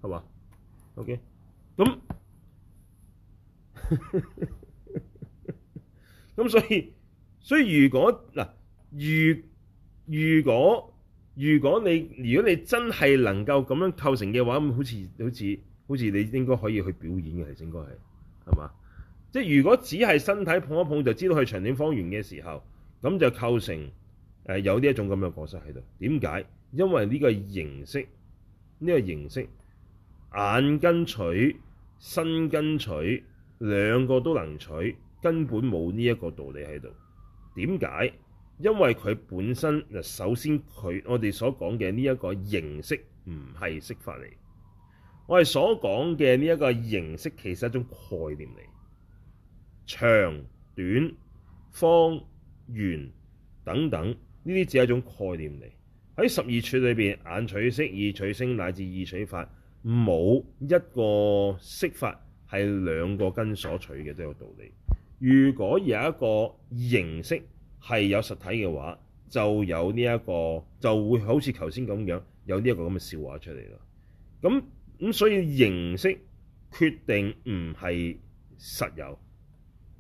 係嘛？OK，咁咁 (laughs) 所以。所以如果嗱，如如果如果你如果你真係能夠咁樣構成嘅話，咁好似好似好似你應該可以去表演嘅，其實應該係係嘛？即係、就是、如果只係身體碰一碰就知道佢長短方圓嘅時候，咁就構成誒、呃、有呢一種咁嘅過失喺度。點解？因為呢個形色呢、呢個形色眼根取、身根取兩個都能取，根本冇呢一個道理喺度。點解？因為佢本身首先佢我哋所講嘅呢一個形式唔係色法嚟，我哋所講嘅呢一個形式其實係一種概念嚟，長、短、方、圓等等呢啲只係一種概念嚟。喺十二處裏邊，眼取色、耳取聲、乃至意取法，冇一個色法係兩個根所取嘅，都有道理。如果有一個形色係有實體嘅話，就有呢、這、一個就會好似頭先咁樣有呢一個咁嘅笑話出嚟咯。咁咁所以形色決定唔係實有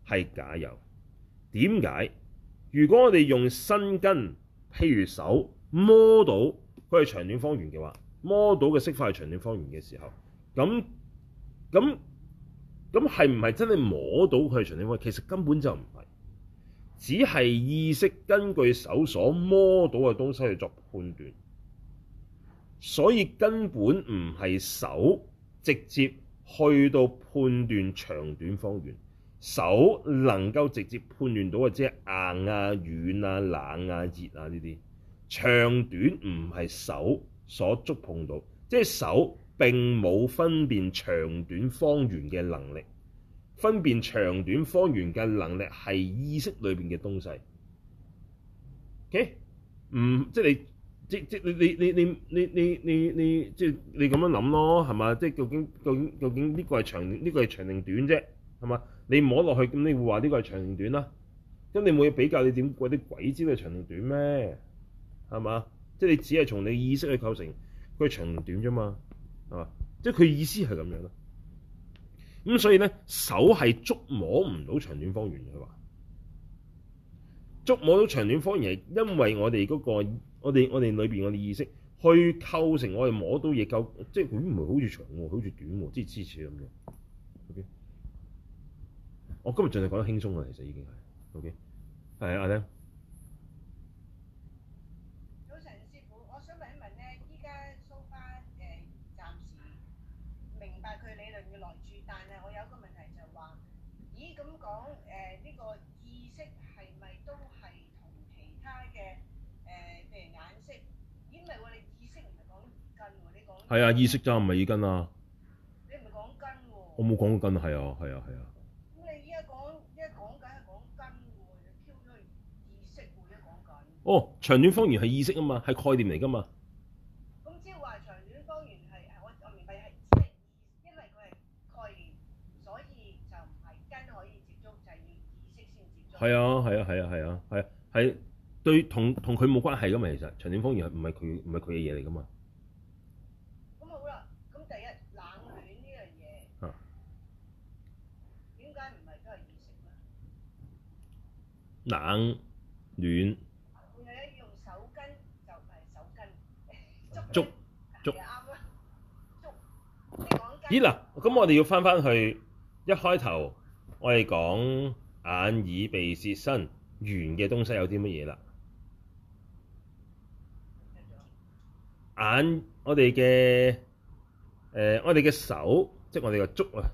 係假有。點解？如果我哋用身根譬如手摸到佢係長短方圓嘅話，摸到嘅色法係長短方圓嘅時候，咁咁。咁係唔係真係摸到佢長短方？其實根本就唔係，只係意識根據手所摸到嘅東西去作判斷，所以根本唔係手直接去到判斷長短方圓。手能夠直接判斷到嘅即係硬啊、軟啊、冷啊、熱啊呢啲。長短唔係手所觸碰到，即係手。並冇分辨長短方圓嘅能力，分辨長短方圓嘅能力係意識裏邊嘅東西，okay？O 唔即係你即即你你你你你你你即係你咁樣諗咯，係嘛？即係究竟究竟究竟呢個係長，呢個係長定短啫，係嘛？你摸落去咁，你會話呢個係長定短啦。咁你冇嘢比較，你點嗰啲鬼知佢長定短咩？係嘛？即係你只係從你意識去構成佢係長短啫嘛。啊！即係佢意思係咁樣咯。咁所以咧，手係捉摸唔到長短方圓嘅話，捉摸到長短方圓係因為我哋嗰個，我哋我哋裏邊我哋意識去構成我哋摸到嘢夠，即係佢唔會好似長喎，好似短喎，即係支持咁樣。OK，我今日盡量講得輕鬆啊，其實已經係。OK，係阿、啊色係咪都係同其他嘅，誒，譬、呃、如顏色？咦，唔係喎，你意識唔係講根喎，你講係啊，意識就唔係耳根啊？你唔係講根喎？我冇講根啊，係啊，係啊，係啊。咁你依家講，依家講緊係講根喎，你跳出嚟意識會一講根？哦，長短方圓係意識啊嘛，係概念嚟㗎嘛。係啊，係啊，係啊，係啊，係啊，係對、啊，同同佢冇關係噶嘛，其實陳展峰原係唔係佢唔係佢嘅嘢嚟噶嘛？咁好啊，咁第一冷暖一呢樣嘢啊，點解唔係都係意識冷暖，我哋用手巾就係手巾，捉捉捉，啱啦、啊，捉咦嗱？咁我哋要翻翻去一開頭，我哋講。眼、耳、鼻、舌、身，緣嘅東西有啲乜嘢啦？眼，我哋嘅，誒、呃，我哋嘅手，即係我哋嘅觸啊，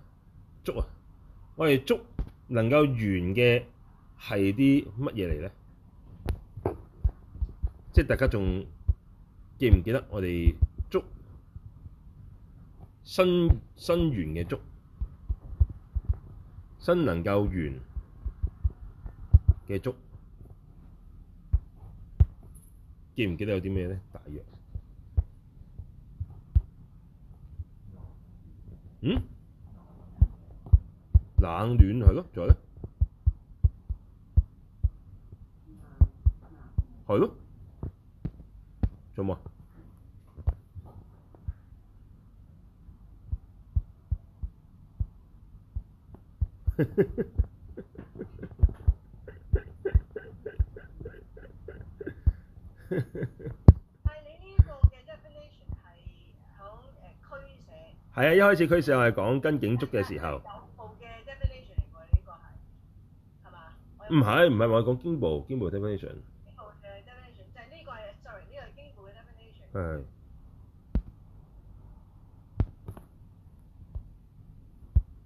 觸啊，我哋觸能夠緣嘅係啲乜嘢嚟咧？即係大家仲記唔記得我哋觸，身身緣嘅觸，身能夠緣。嘅粥，記唔記得有啲咩咧？大約，嗯，冷暖係咯，仲有咧，係咯，做乜？係啊，一開始佢時候係講跟景觸嘅時候，有部嘅 definition 嚟㗎，呢個係係嘛？唔係唔係，我講經部經部 definition。就係呢個 sorry 呢個係經部嘅 definition。係。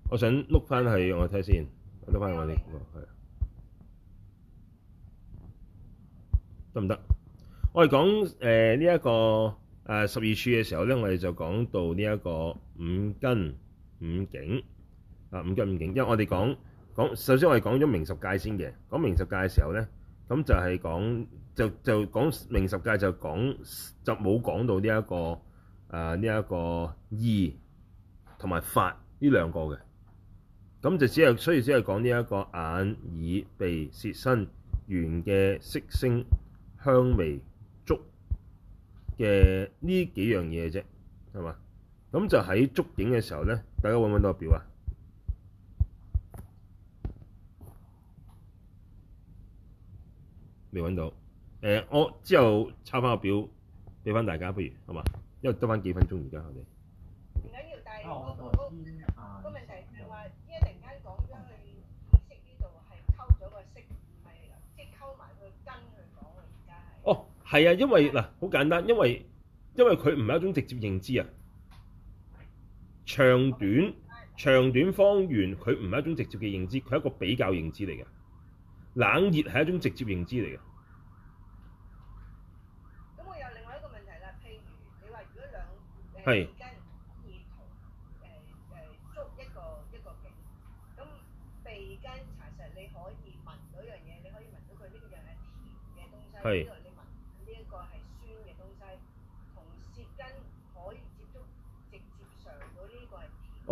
我想碌翻去我睇先碌翻我啲係得唔得？我係的、哦、講誒呢一個。誒十二處嘅時候咧，我哋就講到呢一個五根五境啊，五根五境。因為我哋講講首先我哋講咗明十界先嘅，講明十界嘅時候咧，咁就係講就就，就講明十界就講就冇講到呢、這、一個誒呢一個意同埋法呢兩個嘅，咁就只係所以只係講呢一個眼耳鼻舌身願嘅色聲香味。嘅呢幾樣嘢啫，係嘛？咁就喺捉影嘅時候咧，大家揾唔揾到個表啊？未揾到？誒、呃，我之後抄翻個表俾翻大家，不如好嘛？因為得翻幾分鐘而家我哋。係啊，因為嗱，好簡單，因為因為佢唔係一種直接認知啊。長短、長短、方圓，佢唔係一種直接嘅認知，佢係一個比較認知嚟嘅。冷熱係一種直接認知嚟嘅。咁我有另外一個問題啦，譬如你話如果兩鼻根熱同誒誒捉一個一個境，咁鼻根查實你可以聞到一樣嘢，你可以聞到佢呢個樣係甜嘅東西。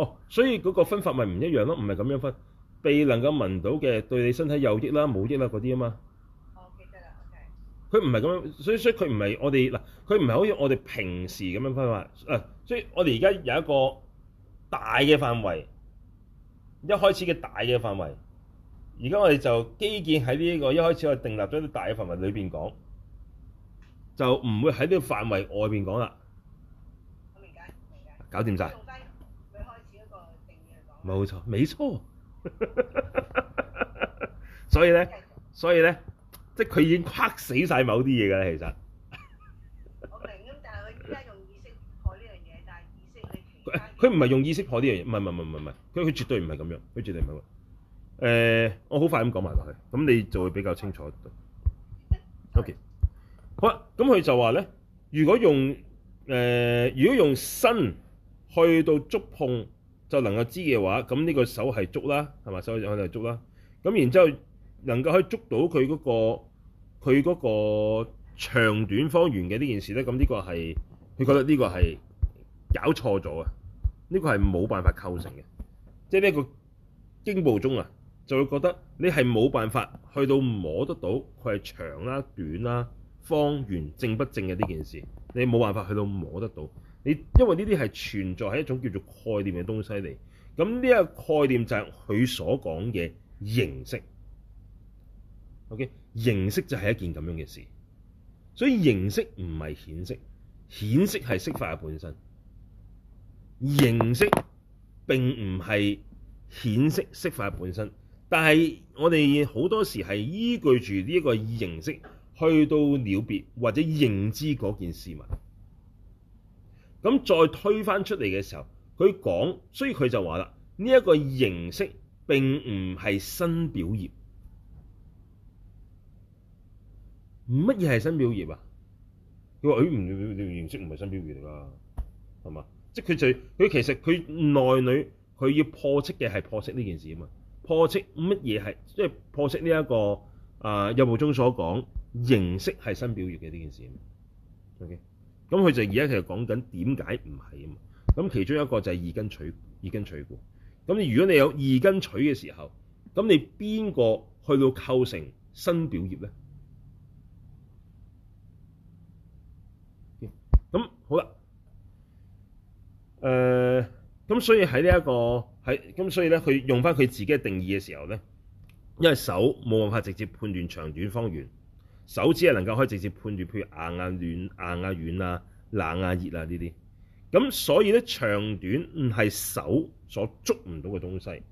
哦，oh，所以嗰個分法咪唔一樣咯，唔係咁樣分，被能夠聞到嘅對你身體有益啦、冇益啦嗰啲啊嘛。哦，記得啦，OK。佢唔係咁樣，所以所以佢唔係我哋嗱，佢唔係好似我哋平時咁樣分法啊，所以我哋而家有一個大嘅範圍，一開始嘅大嘅範圍，而家我哋就基建喺呢個一開始我哋定立咗啲大嘅範圍裏邊講，就唔會喺呢個範圍外邊講啦。我明解，搞掂晒。冇錯，冇錯 (laughs) 所，所以咧，所以咧，即係佢已經誇死晒某啲嘢嘅咧，其實。我明咁，但係佢依家用意識破呢樣嘢，但係意識佢唔係用意識破呢樣嘢，唔係唔係唔唔係，佢佢絕對唔係咁樣，佢絕對唔係。誒、呃，我好快咁講埋落去，咁你就會比較清楚。 (laughs) OK，好啦，咁佢就話咧，如果用誒、呃，如果用身去到觸碰，就能夠知嘅話，咁呢個手係捉啦，係咪？手就肯定捉啦。咁然之後能夠可以捉到佢嗰、嗰個佢嗰個長短方圓嘅呢件事咧，咁呢個係佢覺得呢個係搞錯咗啊！呢、呢個係冇辦法構成嘅，即係呢個經部宗啊，就會覺得你係冇辦法去到摸得到佢係長啦、啊、短啦、啊、方圓正不正嘅呢件事，你冇辦法去到摸得到。你因為呢啲係存在係一種叫做概念嘅東西嚟，咁呢一個概念就係佢所講嘅形色。O.K. 形色就係一件咁樣嘅事，所以形色唔係顯色，顯色係色法嘅本身。形色並唔係顯色，色法本身，但係我哋好多時係依據住呢一個形色去到了別或者認知嗰件事物。咁再推翻出嚟嘅時候，佢講，所以佢就話啦：呢、這、一個形色並唔係身表業，乜嘢係身表業啊？佢話：佢、哎、唔，你你形色唔係身表業嚟㗎，係嘛？即係佢就佢其實佢內裏佢要破斥嘅係破斥呢件事啊嘛。破斥乜嘢係即係破斥呢、這、一個啊？呃，有部中所所講形色係身表業嘅呢件事。OK。咁佢就而家其實講緊點解唔係啊嘛？咁其中一個就係二根取，二根取故。咁你如果你有二根取嘅時候，咁你邊個去到構成身表業咧？咁好啦。誒，咁所以喺呢一個喺咁，所以咧佢、這個、用翻佢自己嘅定義嘅時候咧，因為手冇辦法直接判斷長短方圓。手指係能夠可以直接判斷，譬如硬硬啊、軟硬啊、軟啊、冷啊、熱啊呢啲。咁所以呢，長短唔係手所捉唔到嘅東西，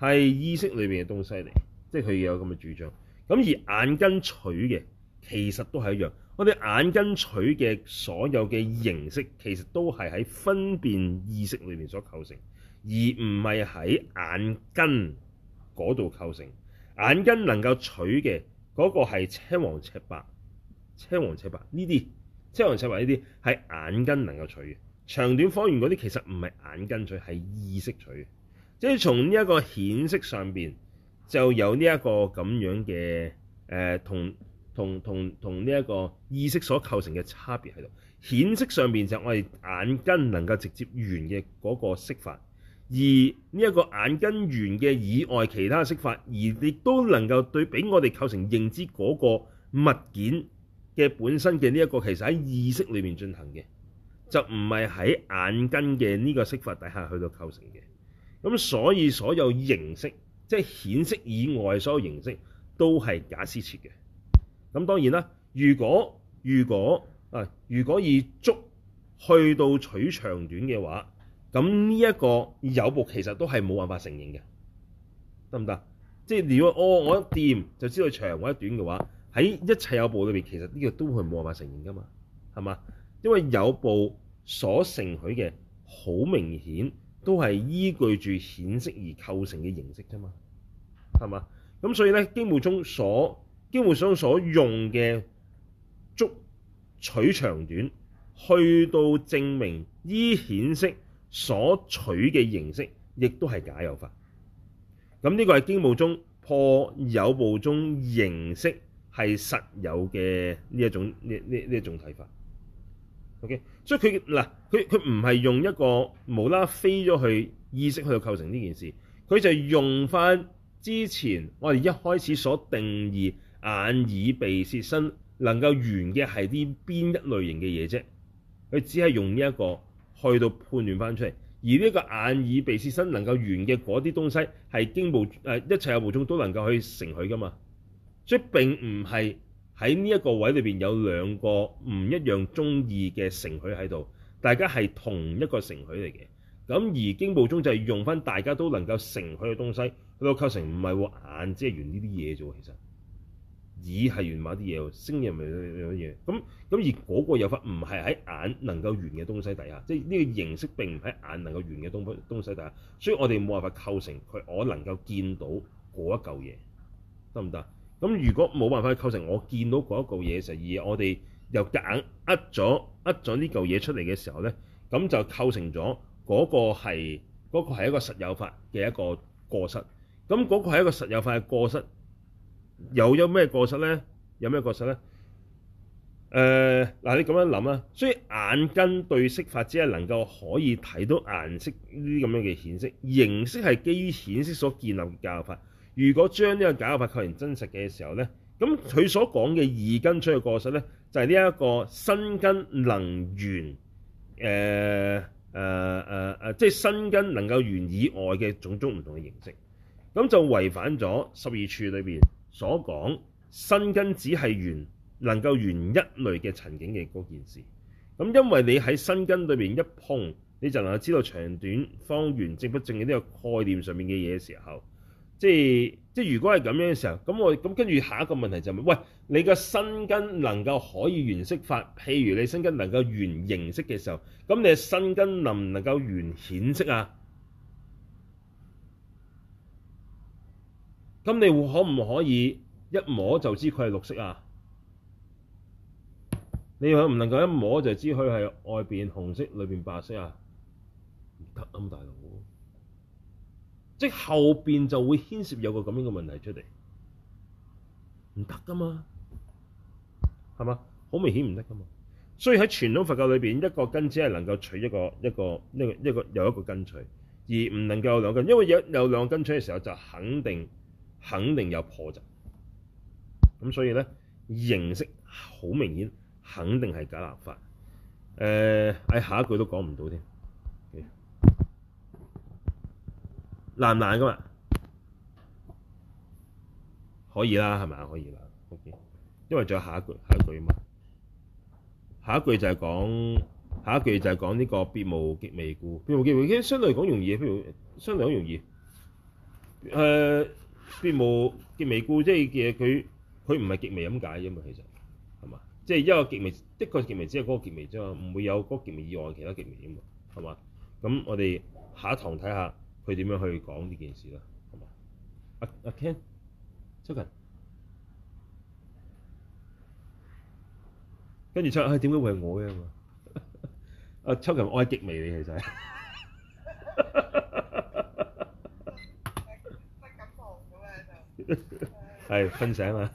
係意識裏面嘅東西嚟，即係佢有咁嘅主張。咁而眼根取嘅，其實都係一樣。我哋眼根取嘅所有嘅形式，其實都係喺分辨意識裏面所構成，而唔係喺眼根嗰度構成。眼根能夠取嘅。嗰個係青黃赤白，青黃赤白呢啲，青黃赤白呢啲係眼根能夠取嘅，長短方圓嗰啲其實唔係眼根取，係意識取嘅，即係從呢一個顯色上邊就有呢一個咁樣嘅誒、呃，同同同同呢一個意識所構成嘅差別喺度，顯色上邊就係我哋眼根能夠直接緣嘅嗰個色法。而呢一個眼根緣嘅以外其他色法，而亦都能夠對俾我哋構成認知嗰個物件嘅本身嘅呢一個其實喺意識裏面進行嘅，就唔係喺眼根嘅呢個色法底下去到構成嘅。咁所以所有形色，即係顯色以外所有形色都係假施設嘅。咁當然啦，如果如果啊，如果以觸去到取長短嘅話，咁呢一個有部其實都係冇辦法承認嘅，得唔得？即係如果我、哦、我一掂就知道長或者短嘅話，喺一切有部裏邊，其實呢個都係冇辦法承認噶嘛，係嘛？因為有部所承許嘅好明顯都係依據住顯色而構成嘅形色啫嘛，係嘛？咁所以咧經部中所經部中所用嘅觸取長短，去到證明依顯色，所取嘅形式亦都係假有法，咁、嗯、呢、這個係經部中破有部中形式係實有嘅呢一種呢呢呢一種睇法。OK，所以佢嗱佢佢唔係用一個無啦飛咗去意識去到構成呢件事，佢就用返之前我哋一開始所定義眼耳鼻舌身能夠緣嘅係啲邊一類型嘅嘢啫，佢只係用呢、這、一個。去到判斷返出嚟，而呢個眼耳鼻舌身能夠緣嘅嗰啲東西，係經部誒一切有部中都能夠去承許㗎嘛。即以並唔係喺呢一個位裏邊有兩個唔一樣中意嘅承許喺度，大家係同一個承許嚟嘅。咁而經部中就係用返大家都能夠承許嘅東西去到構成，唔係喎眼只係緣呢啲嘢啫喎，其實。耳係、嗯、緣某啲嘢喎，聲音咪一樣嘢？咁咁而嗰個有法唔係喺眼能夠緣嘅東西底下，即係呢個形式並唔喺眼能夠緣嘅東西底下，所以我哋冇辦法構成佢我能夠見到嗰一嚿嘢，得唔得？咁如果冇辦法構成我見到嗰一嚿嘢時，而我哋又夾硬扼咗扼咗呢嚿嘢出嚟嘅時候咧，咁就構成咗嗰個係嗰個係一個實有法嘅一個過失。咁、嗰、嗰個係一個實有法嘅過失。又有咩過失咧？有咩過失咧？誒、呃、嗱，你咁樣諗啦。所以眼根對色法只係能夠可以睇到顏色呢啲咁樣嘅顯色，形色係基於顯色所建立嘅假法。如果將呢個假法構成真實嘅時候咧，咁佢所講嘅二根取嘅過失咧，就係呢一個身根能緣，誒誒誒誒，即係身根能夠緣以外嘅種種唔同嘅形色。咁就違反咗十二處裏邊。所講身根只係緣能夠緣一類嘅塵境嘅嗰件事，咁因為你喺身根裏面一碰，你就能夠知道長短、方圓、正不正嘅呢個概念上面嘅嘢嘅時候，即係即係如果係咁樣嘅時候，咁我咁跟住下一個問題就係、是：喂，你嘅身根能夠可以緣色法，譬如你身根能夠緣形色嘅時候，咁你嘅身根能唔能夠緣顯色啊？咁你可唔可以一摸就知佢係綠色啊？你可唔能夠一摸就知佢係外邊紅色、裏邊白色啊？唔得啊，大佬，即後邊就會牽涉有個咁樣嘅問題出嚟，唔得噶嘛，係嘛？好明顯唔得噶嘛，所以喺傳統佛教裏邊，一個根只係能夠取一個一個一個一個又一,一,一,一,一個根取，而唔能夠有兩根，因為有有兩根取嘅時候就肯定。肯定有破綻，咁所以咧形式好明顯，肯定係假立法。誒、呃，哎，下一句都講唔到添，難唔難噶嘛？可以啦，係咪？可以啦。OK，因為仲有下一句，下一句啊嘛。下一句就係講，下一句就係講呢個別無極微故，別無極微故相對嚟講容易，相對嚟講容易。誒。極冇極微故，即係其實佢佢唔係極微咁解啫嘛，其實係嘛？即係一個極微，的確極微只係嗰個極微啫嘛，唔會有嗰極微以外其他極微啊嘛，係嘛？咁我哋下一堂睇下佢點樣去講呢件事啦，係嘛？阿阿 k e n 秋 h 跟住 c h 點解會係我嘅？阿 Chokan，我係極微你，其實。 (laughs) (laughs) 係瞓醒啊！